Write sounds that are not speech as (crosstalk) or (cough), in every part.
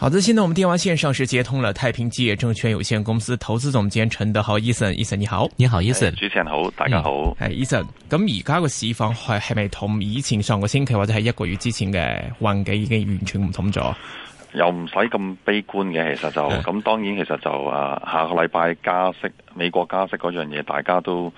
好的，現在我們電話線上是接通了太平基業證券有限公司投資總監陳德豪，Ethan，Ethan，你好，你好，Ethan，主持人好，大家好，哎，Ethan，咁而家個市況係係咪同以前上個星期或者係一個月之前嘅環境已經完全唔同咗？又唔使咁悲觀嘅，其實就咁，哎、當然其實就啊，下個禮拜加息，美國加息嗰樣嘢，大家都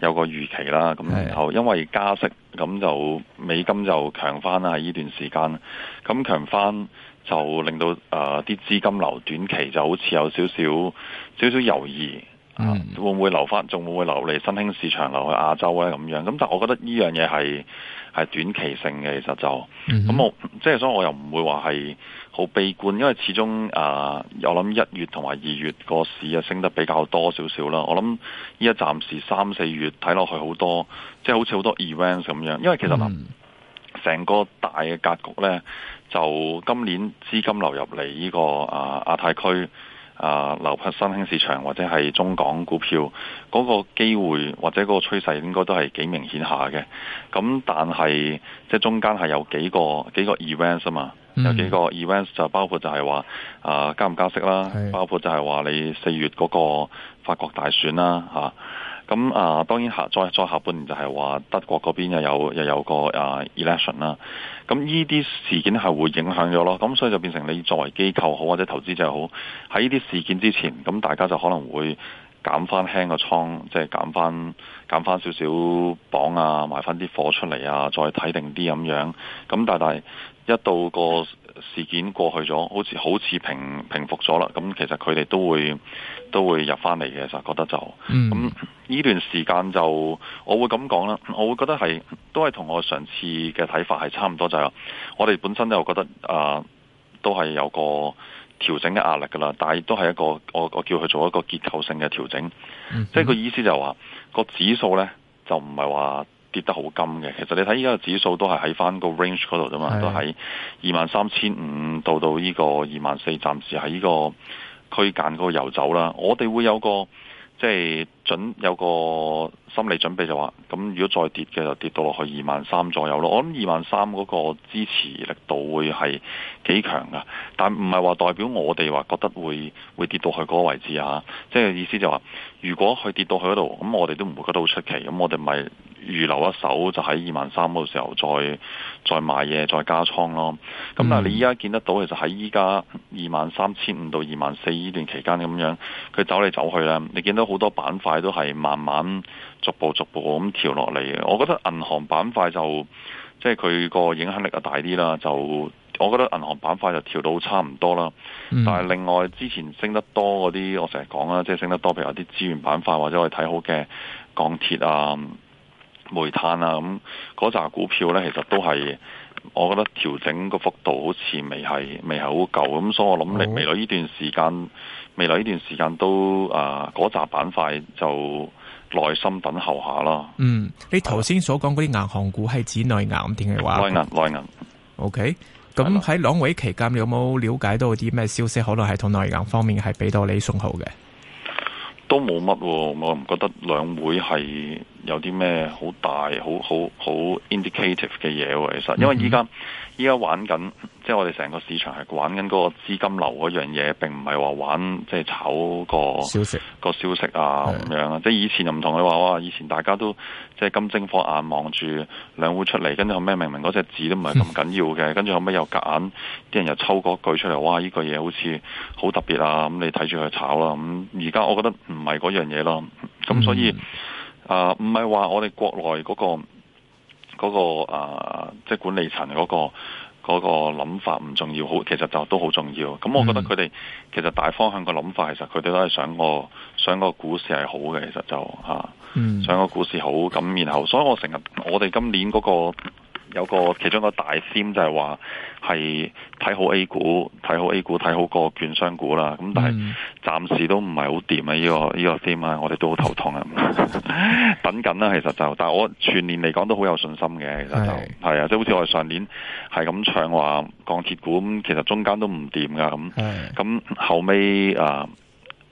有個預期啦。咁然後因為加息，咁就美金就強翻啦喺呢段時間，咁強翻。就令到誒啲、呃、資金流短期就好似有少少少少猶豫，mm hmm. 啊、會唔會流返，仲會唔會流嚟新興市場，流去亞洲咧咁樣？咁但係我覺得呢樣嘢係係短期性嘅，其實就咁、mm hmm. 嗯、我即係所以我又唔會話係好悲觀，因為始終誒、呃、我諗一月同埋二月個市啊升得比較多少少啦。我諗依家暫時三四月睇落去好多，即係好似好多 events 咁樣。因為其實、mm hmm. 成個大嘅格局呢，就今年資金流入嚟呢、呢個啊亞太區啊流泊新興市場或者係中港股票嗰個機會或者嗰個趨勢應該都係幾明顯下嘅。咁但係即係中間係有幾個幾個 events 啊嘛，嗯、有幾個 events 就包括就係話啊加唔加息啦，是包括就係話你四月嗰個法國大選啦嚇。啊咁啊、嗯，當然下再再下半年就係話德國嗰邊又有又有個啊 election 啦、嗯。咁呢啲事件係會影響咗咯。咁、嗯、所以就變成你作為機構好或者投資者好，喺呢啲事件之前，咁、嗯、大家就可能會減翻輕個倉，即係減翻減翻少少磅啊，賣翻啲貨出嚟啊，再睇定啲咁樣。咁、嗯、但係一到個。事件過去咗，好似好似平平復咗啦。咁其實佢哋都會都會入翻嚟嘅，其實覺得就咁呢段時間就我會咁講啦。我會覺得係都係同我上次嘅睇法係差唔多、就是，就係我哋本身就覺得啊、呃，都係有個調整嘅壓力噶啦。但係都係一個我我叫佢做一個結構性嘅調整，嗯、即係個意思就話個指數呢，就唔係話。跌得好金嘅，其實你睇依家個指數都係喺翻個 range 嗰度啫嘛，的都喺二萬三千五到到依個二萬四，暫時喺依個區間嗰個遊走啦。我哋會有個即係。準有個心理準備就話，咁如果再跌嘅就跌到落去二萬三左右咯。我諗二萬三嗰個支持力度會係幾強噶，但唔係話代表我哋話覺得會會跌到去嗰個位置嚇、啊。即係意思就話、是，如果佢跌到去嗰度，咁我哋都唔會覺得好出奇。咁我哋咪預留一手，就喺二萬三嗰時候再再買嘢，再加倉咯。咁、嗯、但係你依家見得到其實喺依家二萬三千五到二萬四呢段期間咁樣，佢走嚟走去啦。你見到好多板塊。都係慢慢逐步逐步咁調落嚟嘅，我覺得銀行板塊就即係佢個影響力啊大啲啦，就我覺得銀行板塊就調到差唔多啦。但係另外之前升得多嗰啲，我成日講啦，即係升得多，譬如話啲資源板塊或者我哋睇好嘅鋼鐵啊、煤炭啊咁嗰扎股票呢，其實都係。我覺得調整個幅度好似未係未係好夠，咁所以我諗嚟未來呢段時間，哦、未來呢段時間都啊嗰扎板塊就耐心等候下啦。嗯，你頭先所講嗰啲銀行股係指內銀定係話？內銀內銀。O K，咁喺兩會期間，你有冇了解到啲咩消息？可能係同內銀方面係俾到你信號嘅？都冇乜、啊，我唔覺得兩會係。有啲咩好大好好好 indicative 嘅嘢喎？其實，因為依家依家玩緊，即係我哋成個市場係玩緊嗰個資金流嗰樣嘢，並唔係話玩即係炒個消息個消息啊咁是的 樣啊。即係以前又唔同你話哇，以前大家都即係金睛火眼望住兩戶出嚟，跟住後咩明明嗰隻字都唔係咁緊要嘅，跟住後尾又夾硬啲人又抽嗰句出嚟，哇！呢個嘢好似好特別啊！咁你睇住佢炒啦。咁而家我覺得唔係嗰樣嘢咯，咁所以。 (laughs) 啊，唔係話我哋國內嗰、那個、那個啊，即、uh, 係管理層嗰、那個嗰、那個諗法唔重要，好，其實就都好重要。咁我覺得佢哋、mm. 其實大方向個諗法，其實佢哋都係想個想個股市係好嘅，其實就吓，想個股市好咁。然、啊 mm. 後所以我成日，我哋今年嗰、那個。有個其中一個大 Sim 就係話係睇好 A 股，睇好 A 股，睇好個券商股啦。咁但係暫時都唔係好掂啊！呢、這個依、這個 Sim 啊，我哋都好頭痛啊。 (laughs) 等緊啦、啊，其實就，但係我全年嚟講都好有信心嘅。其實就係啊，即係是、就是、好似我哋上年係咁唱話鋼鐵股，咁其實中間都唔掂噶。咁咁是後尾啊，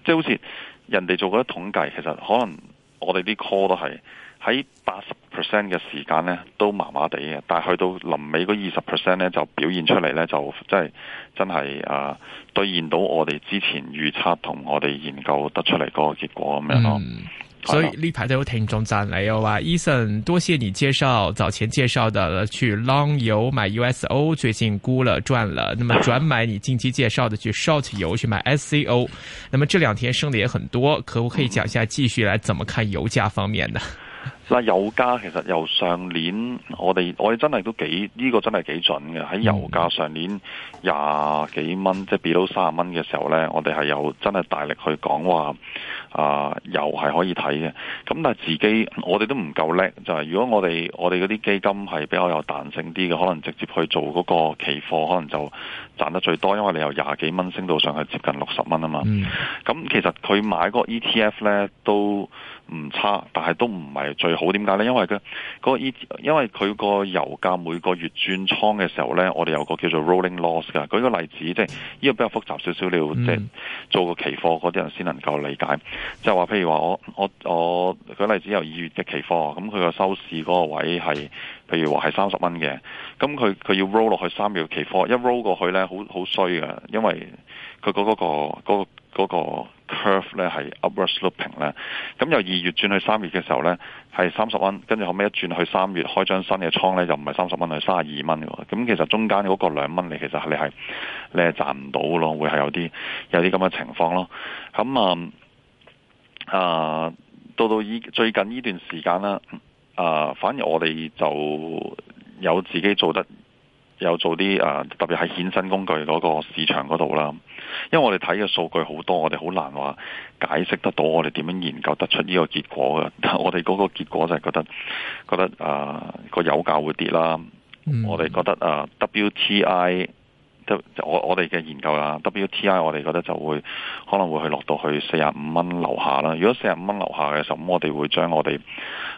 即、呃、係、就是、好似人哋做嗰啲統計，其實可能我哋啲 call 都係。喺八十 percent 嘅時間呢都麻麻地嘅，但係去到臨尾嗰二十 percent 咧就表現出嚟，咧就真係真係啊兌現到我哋之前預測同我哋研究得出嚟個結果咁樣咯。所以呢排、嗯、都有聽眾讚你又話，Ethan 多謝你介紹早前介紹的去 long 油買 USO，最近沽了賺了，那麼轉買你近期介紹的去 short 油去買 SCO，那麼這兩天升得也很多，可唔可以講下繼續來怎麼看油價方面呢？嗱，油價其實由上年我哋我哋真係都幾呢、這個真係幾準嘅，喺油價上年廿幾蚊即係跌到三十蚊嘅時候呢，我哋係有真係大力去講話啊，油係可以睇嘅。咁但係自己我哋都唔夠叻，就係、是、如果我哋我哋嗰啲基金係比較有彈性啲嘅，可能直接去做嗰個期貨，可能就賺得最多，因為你由廿幾蚊升到上去接近六十蚊啊嘛。咁、嗯、其實佢買嗰個 ETF 呢都。唔差，但係都唔係最好。點解呢？因為佢個依，因為佢個油價每個月轉倉嘅時候呢，我哋有個叫做 rolling loss 噶。舉個例子，即係呢個比較複雜少少，你要即係做個期貨嗰啲人先能夠理解。即係話，譬如話我我我舉例子有二月嘅期貨，咁佢個收市嗰個位係，譬如話係三十蚊嘅，咁佢佢要 roll 落去三月期貨，一 roll 過去呢，好好衰嘅，因為佢嗰嗰個個。嗰個嗰個嗰個 curve 咧係 upward sloping 咧，咁由二月轉去三月嘅時候咧，係三十蚊，跟住後尾一轉去三月開張新嘅倉咧，就唔係三十蚊係三十二蚊嘅喎，咁其實中間嗰個兩蚊你其實你係你係賺唔到嘅咯，會係有啲有啲咁嘅情況咯，咁啊啊到到依最近呢段時間啦，啊反而我哋就有自己做得。有做啲誒，特別係衍生工具嗰個市場嗰度啦。因為我哋睇嘅數據好多，我哋好難話解釋得到，我哋點樣研究得出呢個結果嘅。但我哋嗰個結果就係覺得，覺得啊個、呃、油價會跌啦。嗯、我哋覺得啊 WTI。呃就我我哋嘅研究啦，W T I 我哋覺得就會可能會去落到去四十五蚊樓下啦。如果四十五蚊樓下嘅時候，咁我哋會將我哋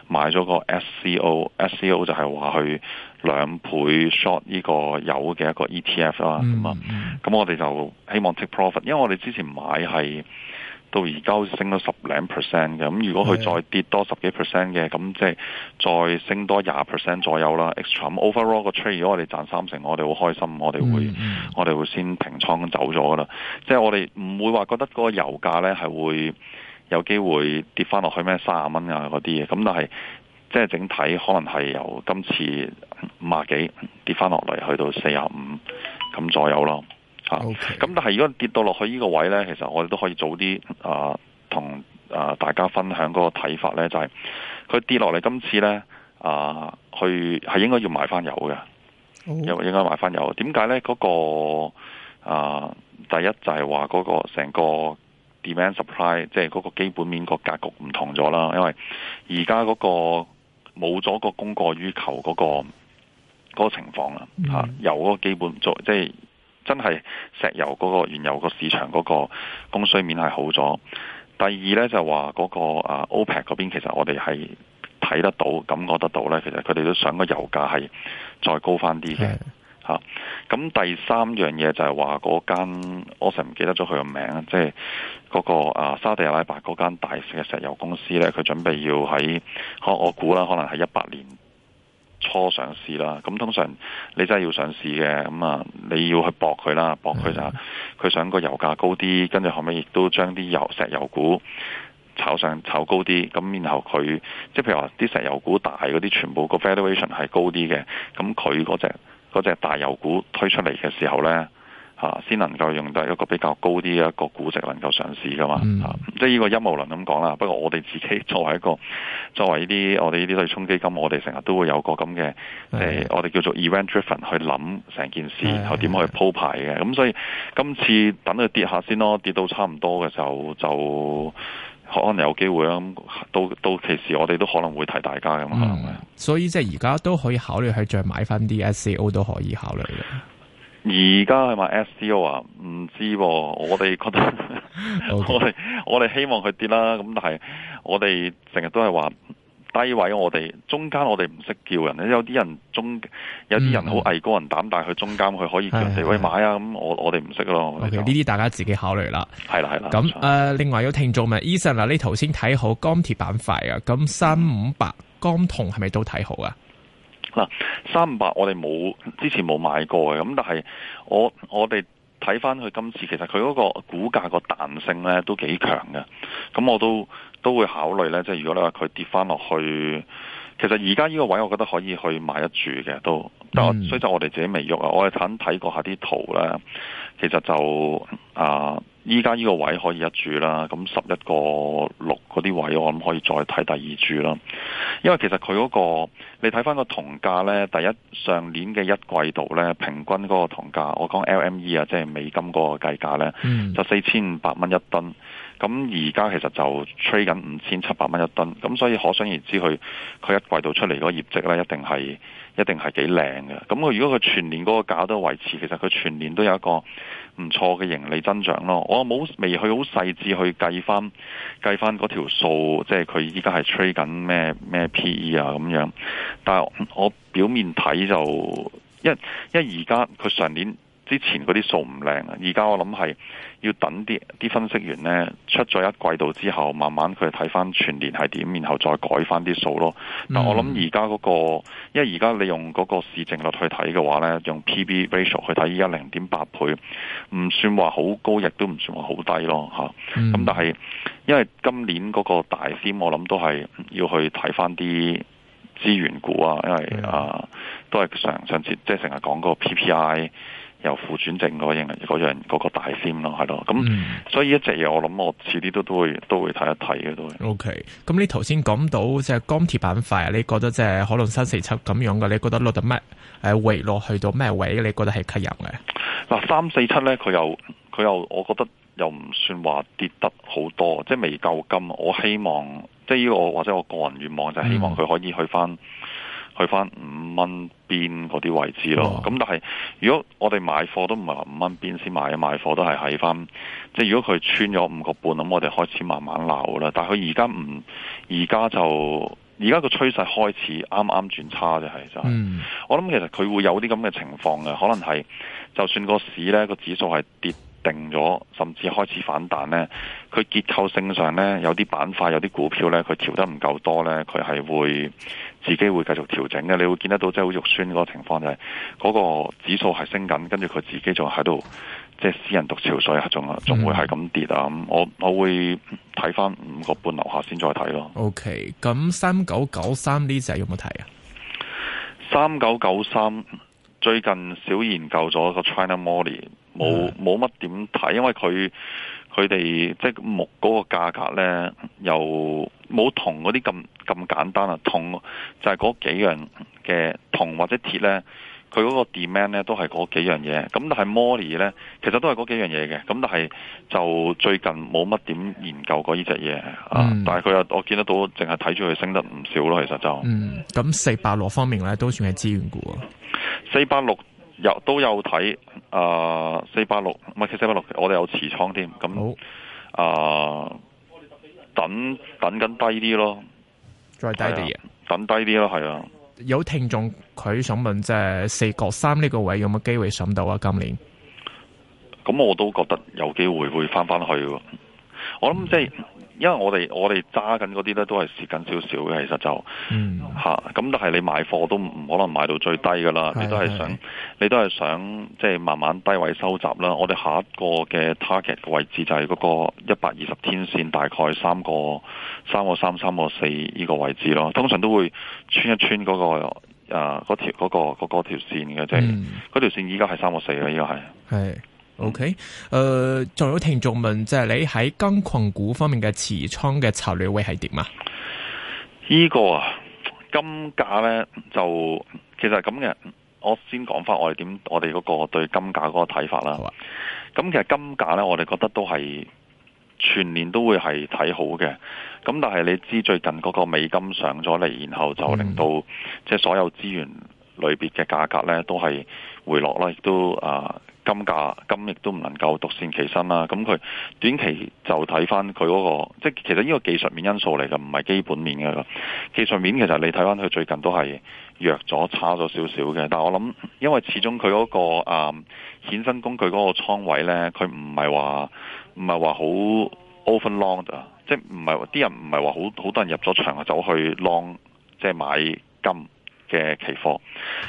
買咗個 S C O S C O 就係話去兩倍 short 呢個油嘅一個 E T F 啦、mm。咁啊，咁我哋就希望 take profit，因為我哋之前買係。到而家升咗十零 percent 嘅，咁如果佢再跌多十幾 percent 嘅，咁即係再升多廿 percent 左右啦。咁 overall 個 trade，如果我哋賺三成，我哋好開心，我哋會、mm hmm. 我哋會先平倉走咗噶啦。即係我哋唔會話覺得嗰個油價咧係會有機會跌翻落去咩三十蚊啊嗰啲嘢。咁但係即係整體可能係由今次五啊幾跌翻落嚟，去到四啊五咁左右咯。咁 Okay. 但係如果跌到落去呢個位呢，其實我哋都可以早啲啊、呃，同啊大家分享嗰個睇法呢。就係、是、佢跌落嚟今次呢，啊、呃，去係應該要買翻油嘅，oh. 因為應該買翻油。點解呢？嗰、那個啊、呃，第一就係話嗰個成個 demand-supply，即係嗰個基本面個格局唔同咗啦。因為而家嗰個冇咗個供過於求嗰、那個、那個情況啦，吓油、mm. 啊、個基本作即係。就是真係石油嗰個原油個市場嗰個供需面係好咗。第二呢，就話、是、嗰個啊 OPEC 嗰邊，其實我哋係睇得到、感覺得到呢。其實佢哋都想個油價係再高翻啲嘅吓。咁第三樣嘢就係話嗰間，我成唔記得咗佢、就是、個名，即係嗰個啊沙地阿拉伯嗰間大嘅石油公司呢。佢準備要喺，可我估啦，可能係一八年。初上市啦，咁通常你真係要上市嘅，咁啊你要去搏佢啦，搏佢就佢、是、想個油價高啲，跟住後尾亦都將啲油石油股炒上炒高啲，咁然後佢即係譬如話啲石油股大嗰啲，全部個 valuation 係高啲嘅，咁佢嗰隻隻大油股推出嚟嘅時候呢。啊，先能夠用到一個比較高啲嘅一個估值能夠上市噶嘛？嗯、啊，即係呢個陰謀論咁講啦。不過我哋自己作為一個作為呢啲我哋呢啲對沖基金，我哋成日都會有個咁嘅誒，我哋叫做 event driven 去諗成件事，然後點去鋪排嘅。咁所以今次等佢跌下先咯，跌到差唔多嘅時候就可能有機會啊。到到其時我哋都可能會提大家噶嘛、嗯。所以即係而家都可以考慮去再買翻啲 SEO 都可以考慮嘅。而家係咪 s o 話唔知？我哋覺得我哋我哋希望佢跌啦。咁但係我哋成日都係話低位。我哋中間我哋唔識叫人。有啲人中，有啲人好畏高人膽，但係佢中間佢可以叫人哋去買啊。咁我我哋唔識咯。呢啲大家自己考慮啦。係啦係啦。咁誒，另外有聽眾咪 Ethan 嗱，你頭先睇好鋼鐵板塊啊？咁三五八鋼銅係咪都睇好啊？嗱，三百、啊、我哋冇之前冇買過嘅，咁但係我我哋睇翻佢今次，其實佢嗰個股價個彈性咧都幾強嘅，咁我都都會考慮咧，即係如果你話佢跌翻落去，其實而家呢個位，我覺得可以去買得住嘅，都，但係、嗯、就我哋自己未喐啊，我哋睇睇過下啲圖咧，其實就啊。依家呢個位可以一注啦，咁十一個六嗰啲位，我諗可以再睇第二注啦。因為其實佢嗰個，你睇翻個銅價呢，第一上年嘅一季度呢，平均嗰個銅價，我講 LME 啊，即係美金嗰個計價呢，就四千五百蚊一噸。咁而家其實就吹緊五千七百蚊一噸，咁所以可想而知佢佢一季度出嚟嗰個業績呢，一定係一定係幾靚嘅。咁佢如果佢全年嗰個價都維持，其實佢全年都有一個唔錯嘅盈利增長咯，我冇未去好細緻去計翻計翻嗰條數，即係佢依家係吹緊咩咩 P E 啊咁樣，但係我表面睇就，因為因為而家佢上年。之前嗰啲數唔靚啊，而家我諗係要等啲啲分析員呢出咗一季度之後，慢慢佢睇翻全年係點，然後再改翻啲數咯。嗯、但我諗而家嗰個，因為而家你用嗰個市淨率去睇嘅話呢，用 P/B ratio 去睇，依家零點八倍，唔算話好高，亦都唔算話好低咯嚇。咁、嗯嗯嗯、但係因為今年嗰個大市，我諗都係要去睇翻啲資源股啊，因為的啊都係上上次即係成日講個 PPI。由負轉正嗰樣嗰樣嗰、嗰個大先咯，係咯，咁、嗯、所以一隻嘢我諗我遲啲都都會都會睇一睇嘅都。O K，咁你頭先講到即係鋼鐵板塊，你覺得即係可能三四七咁樣嘅，你覺得落到咩誒回落去到咩位？你覺得係吸引嘅？嗱、嗯，三四七咧，佢又佢又，我覺得又唔算話跌得好多，即係未夠金。我希望即呢依個或者我個人願望就係、係、希望佢可以去返。嗯去翻五蚊邊嗰啲位置咯，咁、哦、但係如果我哋買貨都唔係五蚊邊先買啊，買貨都係喺翻，即係如果佢穿咗五個半，咁我哋開始慢慢鬧啦。但係佢而家唔，而家就而家個趨勢開始啱啱轉差啫，係就係、係。嗯、我諗其實佢會有啲咁嘅情況嘅，可能係就算個市咧個指數係跌。定咗，甚至開始反彈呢，佢結構性上呢，有啲板塊、有啲股票呢，佢調得唔夠多呢，佢係會自己會繼續調整嘅。你會見得到即係好肉酸嗰個情況就係、是、嗰個指數係升緊，跟住佢自己仲喺度即係私人獨潮水，仲仲會係咁跌啊、嗯！我我會睇翻五個半樓下先再睇咯。OK，咁三九九三呢隻有冇睇啊？三九九三最近小研究咗個 China Morning。冇冇乜點睇，因為佢佢哋即係木嗰個價格咧，又冇銅嗰啲咁咁簡單啊。銅就係、是、嗰幾樣嘅銅或者鐵咧，佢嗰個 demand 咧都係嗰幾樣嘢。咁但係 Moly 咧，其實都係嗰幾樣嘢嘅。咁但係就最近冇乜點研究過呢隻嘢啊。但係佢又我見得到淨係睇住佢升得唔少咯。其實就咁、是嗯、四百六方面咧，都算係資源股啊。四百六。有都有睇啊，四八六唔係四八六，6, 6, 我哋有持倉添。咁、嗯、啊好、呃，等等緊低啲咯，再低啲，等低啲咯，係啊。啊有聽眾佢想問，即係四角三呢個位有冇機會上到啊？今年，咁、嗯、我都覺得有機會會翻翻去。我諗即係。嗯因為我哋我哋揸緊嗰啲咧，都係蝕緊少少嘅。其實就嚇，咁都係你買貨都唔可能買到最低噶啦，你都係想你都係想即係慢慢低位收集啦。我哋下一個嘅 target 位置就係嗰個一百二十天線，大概三個三個三三個四呢個位置咯。通常都會穿一穿嗰、嗰個啊嗰條嗰條線嘅啫。嗰條、嗯、線依家係三個四喇依個係。OK，誒、呃，仲有聽眾問，就係、是、你喺金礦股方面嘅持倉嘅策略會係點啊？個金價呢個啊，金價咧就其實咁嘅，我先講翻我哋點、那個、我哋嗰個對金價嗰個睇法啦。咁、啊、其實金價咧，我哋覺得都係全年都會係睇好嘅。咁但係你知最近嗰個美金上咗嚟，然後就令到即係、嗯、所有資源類別嘅價格咧都係回落啦，亦都啊。呃金價金亦都唔能夠獨善其身啦，咁佢短期就睇翻佢嗰個，即係其實呢個技術面因素嚟嘅，唔係基本面嘅。技術面其實你睇翻佢最近都係弱咗、差咗少少嘅。但係我諗，因為始終佢嗰、嗰個啊衍生工具嗰個倉位咧，佢唔係話唔係話好 open long，即係唔係啲人唔係話好好多人入咗場啊走去 long，即係買金。嘅期貨，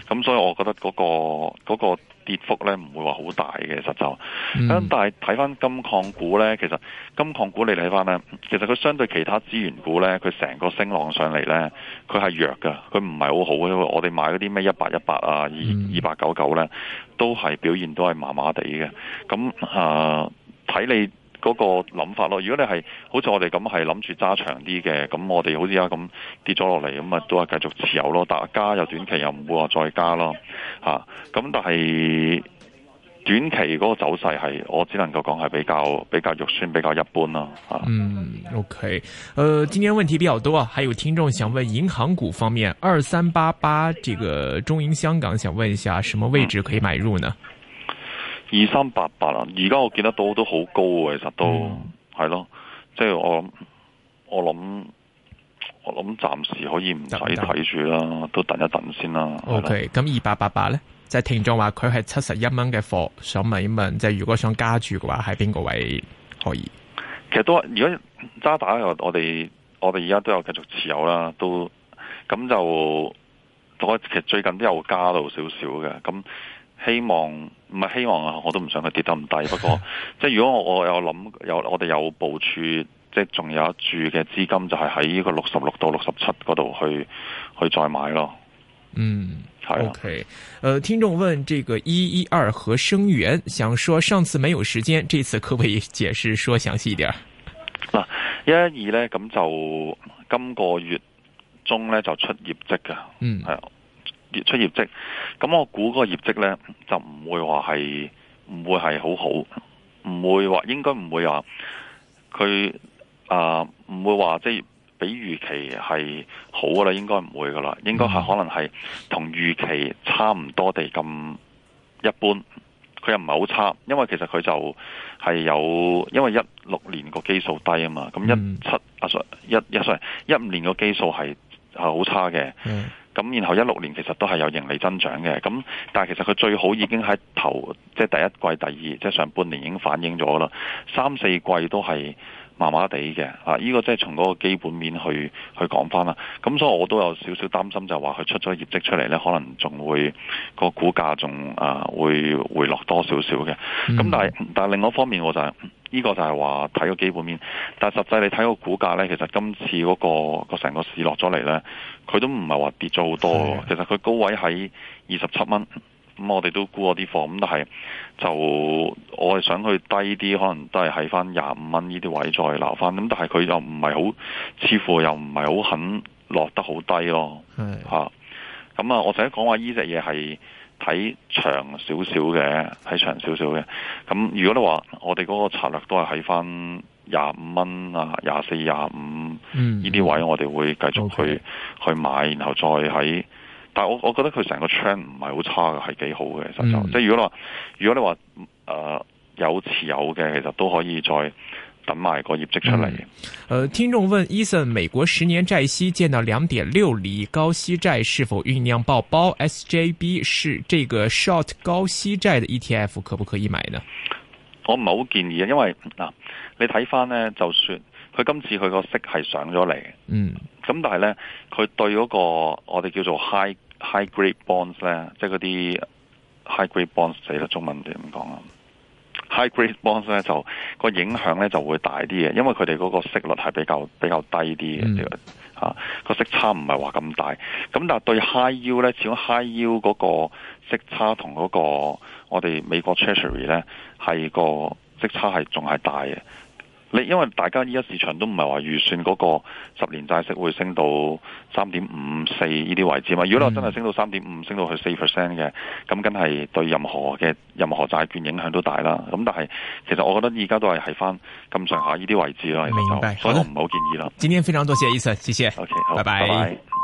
咁所以我覺得嗰個嗰個跌幅咧唔會話好大嘅，實就咁。嗯、但係睇翻金礦股咧，其實金礦股你睇翻咧，其實佢相對其他資源股咧，佢成個升浪上嚟咧，佢係弱嘅，佢唔係好好，因為我哋買嗰啲咩一八一八啊，二二八九九咧，都係表現都係麻麻地嘅。咁啊，睇、呃、你。嗰個諗法咯。如果你係好似我哋咁係諗住揸長啲嘅，咁我哋好似而家咁跌咗落嚟，咁啊都係繼續持有咯。但加又短期又唔會話再加咯。嚇、啊，咁但係短期嗰個走勢係，我只能夠講係比較比較肉酸，比較一般咯。啊、嗯，OK。呃，今天問題比較多，啊。還有聽眾想問銀行股方面，二三八八這個中銀香港，想問一下什麼位置可以買入呢？嗯二三八八啦！而家我見得到都好高啊，其實都係咯、嗯，即係我諗，我諗，我諗暫時可以唔使睇住啦，行行都等一等先啦。O K，咁二八八八咧，就係聽眾話佢係七十一蚊嘅貨，想問一問，即係、如果想加住嘅話，係邊個位可以？其實都，如果渣打嘅話，我哋我哋而家都有繼續持有啦，都咁就我其實最近都有加到少少嘅咁。希望唔係希望啊！我都唔想佢跌得咁低。不過，即係如果我我有諗，有我哋有部署，即係仲有一注嘅資金就，就係喺呢個六十六到六十七嗰度去去再買咯。嗯，係、啊。O K，誒，聽眾問這個一一二合生元，想說上次沒有時間，這次可唔可以解釋說詳細一點？嗱、啊，一一二咧，咁就今個月中咧就出業績噶。嗯，係、啊。跌出業績，咁我估嗰個業績呢就唔會話係唔會係好好，唔會話應該唔會話佢啊，呃、唔會話即係比預期係好噶啦，應該唔會㗎喇，應該係可能係同預期差唔多地咁一般。佢又唔係好差，因為其實佢就係有因為一六年個基數低啊嘛，咁一七、嗯、啊，sorry，一一歲一五年個基數係係好差嘅。嗯咁然後一六年其實都係有盈利增長嘅，咁但係其實佢最好已經喺頭即係第一季、第二即係上半年已經反映咗喇，三四季都係。麻麻地嘅，啊，依個即係從嗰個基本面去去講翻啦。咁所以我都有少少擔心就，就係話佢出咗業績出嚟呢，可能仲會個股價仲啊會回落多少少嘅。咁、嗯嗯、但係但係另外一方面，我就係呢個就係話睇個基本面。但係實際你睇個股價呢，其實今次嗰個個成個市落咗嚟呢，佢都唔係話跌咗好多。的其實佢高位喺二十七蚊。咁、嗯、我哋都估咗啲貨，咁但係就我係想去低啲，可能都係喺翻廿五蚊呢啲位再留翻。咁但係佢又唔係好，似乎又唔係好肯落得好低咯。吓的，咁啊，嗯、我想講話呢隻嘢係睇長少少嘅，睇長少少嘅。咁、嗯嗯、如果你話我哋嗰個策略都係喺翻廿五蚊啊，廿四、廿五呢啲位，我哋會繼續去 okay. 去買，然後再喺。但我，我覺得佢成個趨向唔係好差嘅，係幾好嘅。其實就即係如果你話，如果你話，誒有持有嘅，其實都可以再等埋個業績出嚟。誒、嗯呃，聽眾問：Eason，美國十年債息見到兩點六厘，高息債是否醖釀爆，爆煲 SJB 是這個 short 高息債嘅 ETF，可唔可以買呢？我唔係好建議啊，因為嗱、啊，你睇翻咧，就算佢今次佢個息係上咗嚟，嗯，咁但係咧，佢對嗰、那個我哋叫做 high high grade bonds 咧，即係嗰啲 high grade bonds 死啦，中文點講啊？high grade bonds 咧就、個影響咧就會大啲嘅，因為佢哋嗰個息率係比較比較低啲嘅，嚇、嗯啊、個息差唔係話咁大。咁但係對 high yield 咧，始終 high yield 嗰個息差同嗰個我哋美國 treasury 咧係個息差係仲係大嘅。你因為大家依家市場都唔係話預算嗰個十年債息會升到三點五四呢啲位置嘛？如果話真係升到三點五，升到去四 percent 嘅，咁梗係對任何嘅任何債券影響都大啦。咁但係其實我覺得而家都係係翻咁上下呢啲位置咯。明白所以好唔好建議啦？今天非常多謝 Ethan，謝謝。OK，好，拜拜。拜拜。